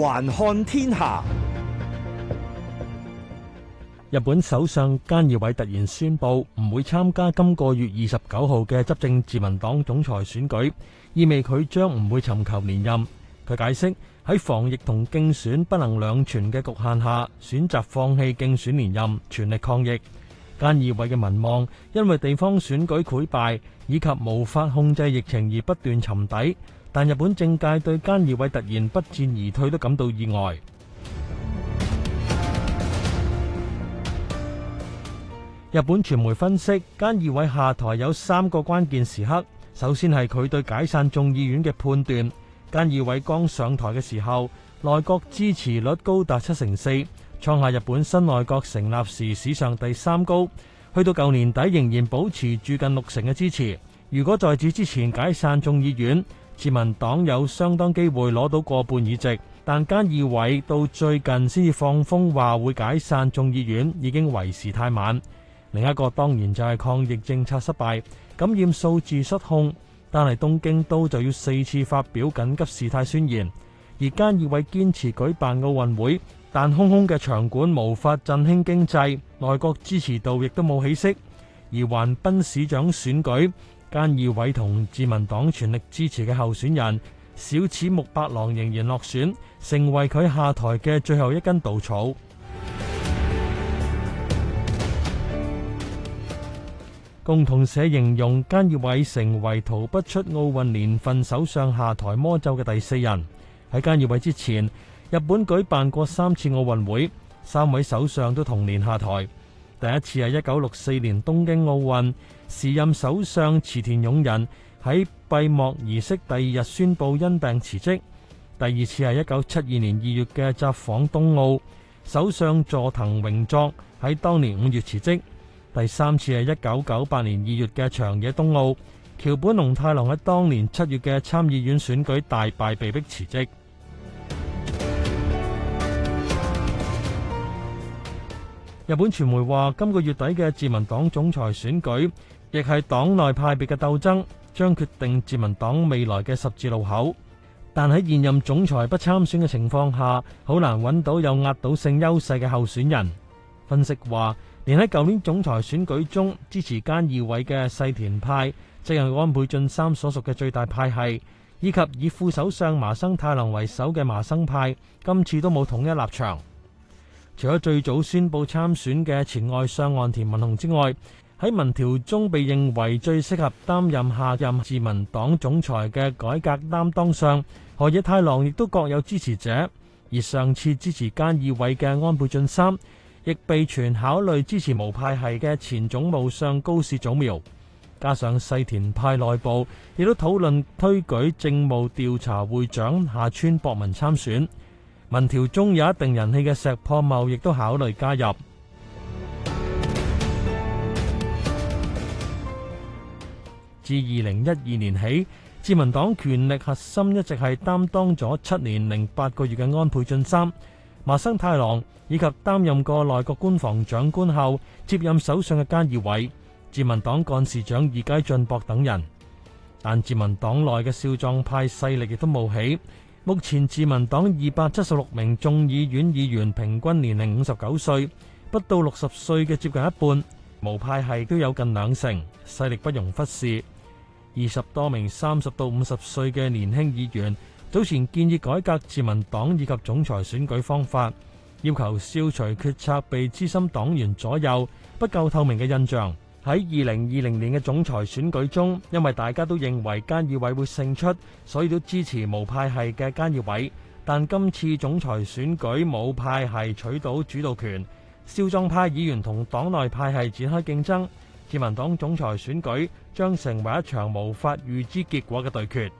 環看天下，日本首相菅義偉突然宣布唔會參加今個月二十九號嘅執政自民黨總裁選舉，意味佢將唔會尋求連任。佢解釋喺防疫同競選不能兩全嘅局限下，選擇放棄競選連任，全力抗疫。菅義偉嘅民望因為地方選舉潰敗以及無法控制疫情而不斷沉底。但日本政界對菅義偉突然不戰而退都感到意外。日本傳媒分析，菅義偉下台有三個關鍵時刻。首先係佢對解散眾議院嘅判斷。菅義偉剛上台嘅時候，內閣支持率高達七成四，創下日本新內閣成立時史上第三高。去到舊年底，仍然保持住近六成嘅支持。如果在此之前解散眾議院，自民黨有相當機會攞到過半議席，但菅義偉到最近先放風話會解散眾議院已經為時太晚。另一個當然就係抗疫政策失敗，感染數字失控，但係東京都就要四次發表緊急事態宣言，而菅義偉堅持舉辦奧運會，但空空嘅場館無法振興經濟，內閣支持度亦都冇起色，而橫濱市長選舉，菅義偉同自民黨全力支持嘅候選人小此木八郎仍然落選，成為佢下台嘅最後一根稻草。共同社形容菅義偉成為逃不出奧運年份首相下台魔咒嘅第四人。喺菅義位之前，日本舉辦過三次奧運會，三位首相都同年下台。第一次係一九六四年東京奧運，時任首相池田勇人喺閉幕儀式第二日宣布因病辭職。第二次係一九七二年二月嘅札幌冬奧，首相佐藤榮作喺當年五月辭職。第三次係一九九八年二月嘅長野冬奧，橋本龍太郎喺當年七月嘅參議院選舉大敗被迫辭職。日本傳媒話，今個月底嘅自民黨總裁選舉，亦係黨內派別嘅鬥爭，將決定自民黨未來嘅十字路口。但喺現任總裁不參選嘅情況下，好難揾到有壓倒性優勢嘅候選人。分析話，連喺舊年總裁選舉中支持菅義偉嘅細田派，即係安倍晉三所屬嘅最大派系，以及以副首相麻生太郎為首嘅麻生派，今次都冇統一立場。除咗最早宣布參選嘅前外相岸田文雄之外，喺民調中被認為最適合擔任下任自民黨總裁嘅改革擔當上，河野太郎亦都各有支持者。而上次支持菅義偉嘅安倍晉三，亦被傳考慮支持無派系嘅前總務相高市早苗。加上細田派內部亦都討論推舉政務調查會長下村博文參選。民調中有一定人氣嘅石破茂亦都考慮加入。自二零一二年起，自民黨權力核心一直係擔當咗七年零八個月嘅安倍晉三、麻生太郎以及擔任過內閣官房長官後接任首相嘅菅義偉、自民黨幹事長二階俊博等人。但自民黨內嘅少壯派勢力亦都冒起。目前自民黨二百七十六名眾議院議員平均年齡五十九歲，不到六十歲嘅接近一半，無派系都有近兩成，勢力不容忽視。二十多名三十到五十歲嘅年輕議員，早前建議改革自民黨以及總裁選舉方法，要求消除決策被資深黨員左右、不夠透明嘅印象。喺二零二零年嘅總裁選舉中，因為大家都認為菅義偉會勝出，所以都支持無派系嘅菅義偉。但今次總裁選舉冇派系取到主導權，少壯派議員同黨內派系展開競爭。自民黨總裁選舉將成為一場無法預知結果嘅對決。